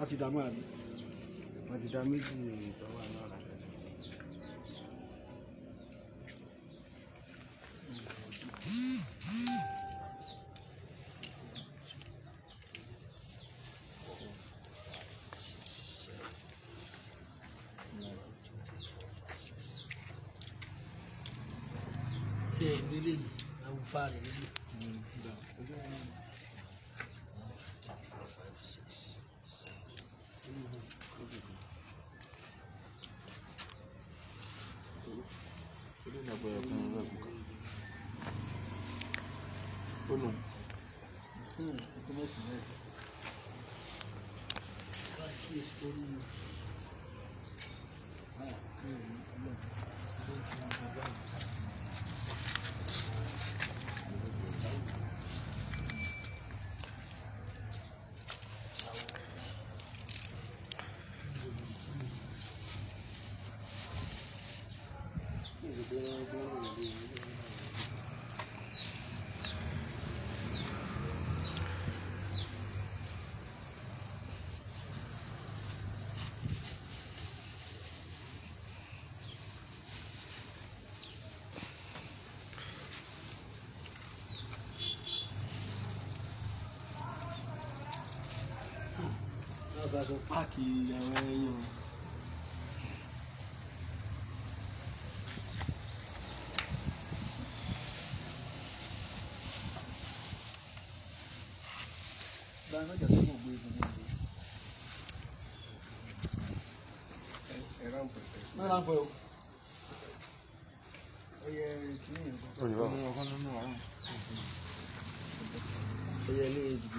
a ti dààmú àbí. wọ́n ti da méjì ìtọ́wà náà rà. ṣe ìdílé àwùfáà rẹ̀ nílé. Thank you. bá sọ páàkì àwọn ẹyin o. báyọ̀ ọjà tó kò gbé egungun ìlú. ẹ rámpẹ. ẹ rámpẹ o. ó yẹ kíní yẹn kọ́. ó yẹ ilé ìdìbò.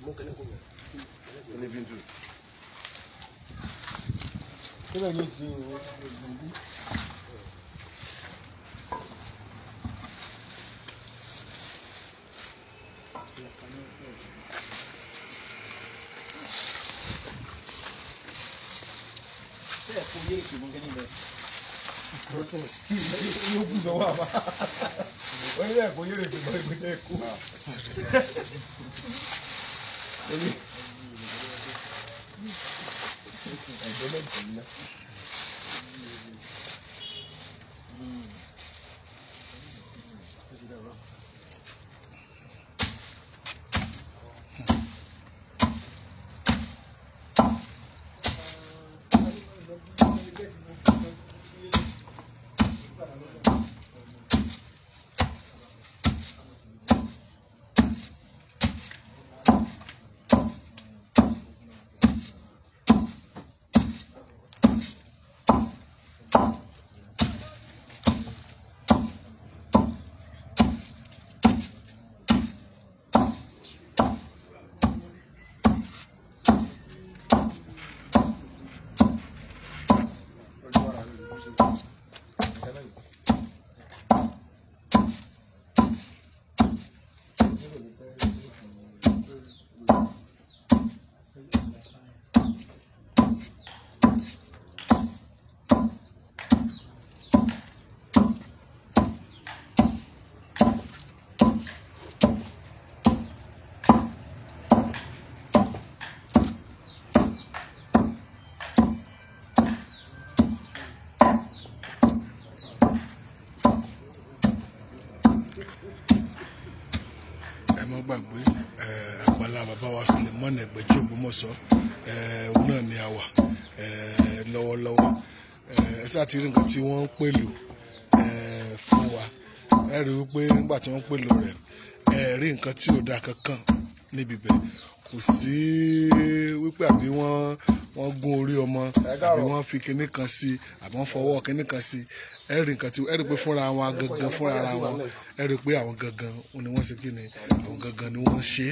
再忽悠一回，给你们，不错，又又不走啊，我再忽悠一回，我再忽悠一回。Angeles. má gbàgbé eh, àgbàlá bàbá wa Suleiman Ẹgbẹ̀jì Ògbómọ̀ṣọ́ eh, òun náà ni a wà eh, lọ́wọ́lọ́wọ́ ẹ sáà ti rí nǹkan tí wọ́n ń pèlò fún wa ẹ rí i wípé nígbà tí wọ́n ń pèlò rẹ̀ ẹ rí nǹkan tí ò dáa kankan níbi bẹ́ẹ̀ kò sí wípé àbí wọ́n wọ́n gún orí ọmọ àbí wọ́n fi kinní kan sí àbí wọ́n fọwọ́ kinní kan sí ẹ rí nǹkan tí ẹ rí pé fúnra wọn gangan fúnra ara wọn ẹ rí pé àwọn gangan ni wọ́n ṣe kí ni àwọn gangan ni wọ́n ṣe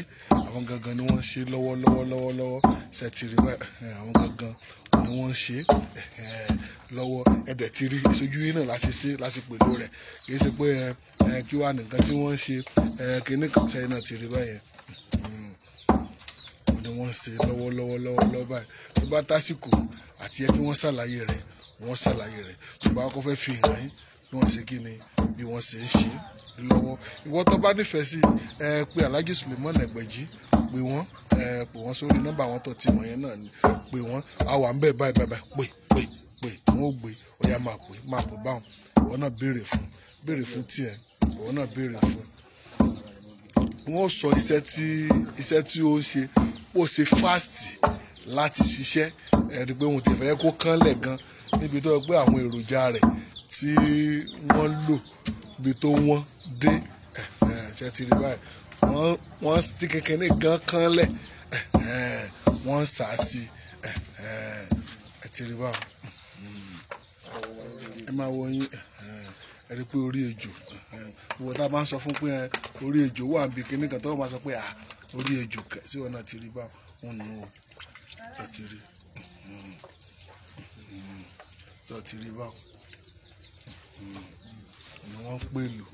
àwọn gangan ni wọ́n ṣe lọ́wọ́lọ́wọ́ lọ́wọ́lọ́wọ́ ṣètìrì àwọn gangan ni wọ́n ṣe lọ́wọ́ ẹ̀dẹ̀ ti rí ìṣojú yín náà láti ṣe láti pẹ̀lú rẹ̀ kì í ṣe pé kí wàá nìkan tí wọ́n ṣe kinní kan sẹ́yìn náà ti rí báyẹn wọ́n ń ṣe lọ́wọ́lọ́wọ́ lọ́wọ́lọ́wọ́ báyìí tó bá tásìkò àti ẹ kí wọ́n ṣàlàyé rẹ̀ wọ́n ṣàlàyé rẹ̀ ṣùgbọ́n akọ́ fẹ́ fi hàn yín bí wọ́n ṣe kí ni bí wọ́n ṣe ń ṣe lọ́wọ́ ìwọ tó bá nífẹ̀ẹ́ sí ẹ pé Alhaji Suleiman Ẹgbẹ̀jì pé wọ́n ẹ pè wọ́n sórí nọ́mbà àwọn tó ti mọ̀ yẹn náà ni pé wọ́n a wà ń bẹ̀ báyìí báyìí pé pé pé wọ́n ò gbé ó yá máa pè máa pè báwọn ìwọ náà béèrè fún béèrè fún tiẹ̀ ìwọ náà béèrè fún wọn sọ iṣẹ́ tí iṣẹ́ tí ó ń ṣe ó ṣe fast láti ṣiṣẹ́ ẹ̀rí pé òun ti fẹ́ kó kánlẹ̀ gan níbi tó yẹ pé àwọn èròjà rẹ̀ tí wọ́n lò ibi tó wọ́n dé ṣe ti rí báyìí wọ́n ti kékeré gan kánlẹ̀ wọ́n ń sà sí ẹ ti rí báyìí hmm. ẹ máa wọ yín ẹ rí pé orí ejò wọ́n tá a bá ń sọ fún pé orí ejò wà níbi kíní kan tó máa sọ pé ah orí ejò kẹ sí ọ̀nà ti rí bá wọn nù ó sọ ti rí sọ ti rí bá ni wọ́n pèlú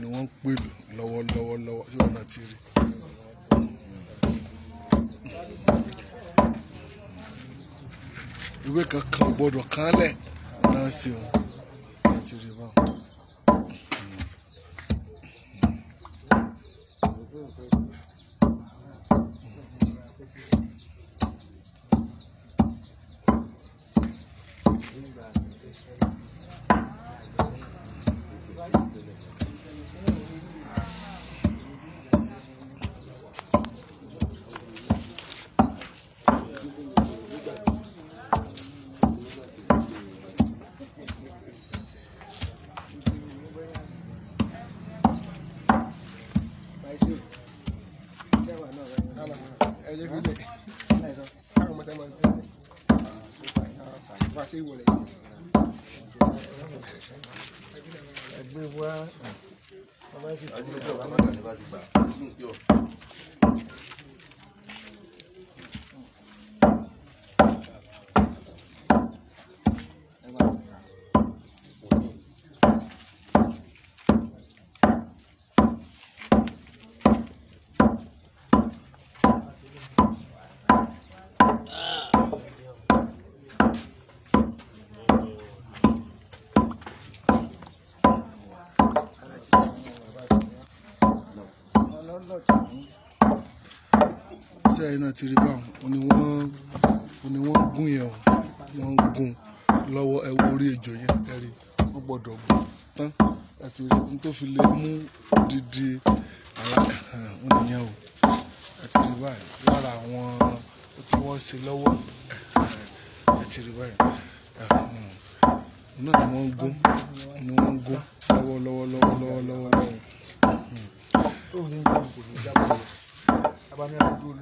ni wọ́n pèlú lọ́wọ́lọ́wọ́ sí ọ̀nà ti rí. ìwé kankan gbọ́dọ̀ kánlẹ̀ náà ṣeun láti rí báwọn. ẹgbẹ́ wa tí ẹ̀yin náà ti rí báwọn ni wọ́n ni wọ́n gún yẹn o wọ́n gún lọ́wọ́ ẹ wo orí ejò yẹn ẹ rí wọ́n gbọ́dọ̀ gún tán àti rí ohun tó fi lè mú dídí alákàtà wọn nìyẹn o àti rí báyìí lára àwọn tí wọ́n ṣe lọ́wọ́ ẹ ti rí báyìí náà ni wọ́n gún ni wọ́n gún lọ́wọ́ lọ́wọ́ lọ́wọ́ lọ́wọ́ lọ́wọ́ lọ́wọ́. 重心不稳，下不来。他把那个都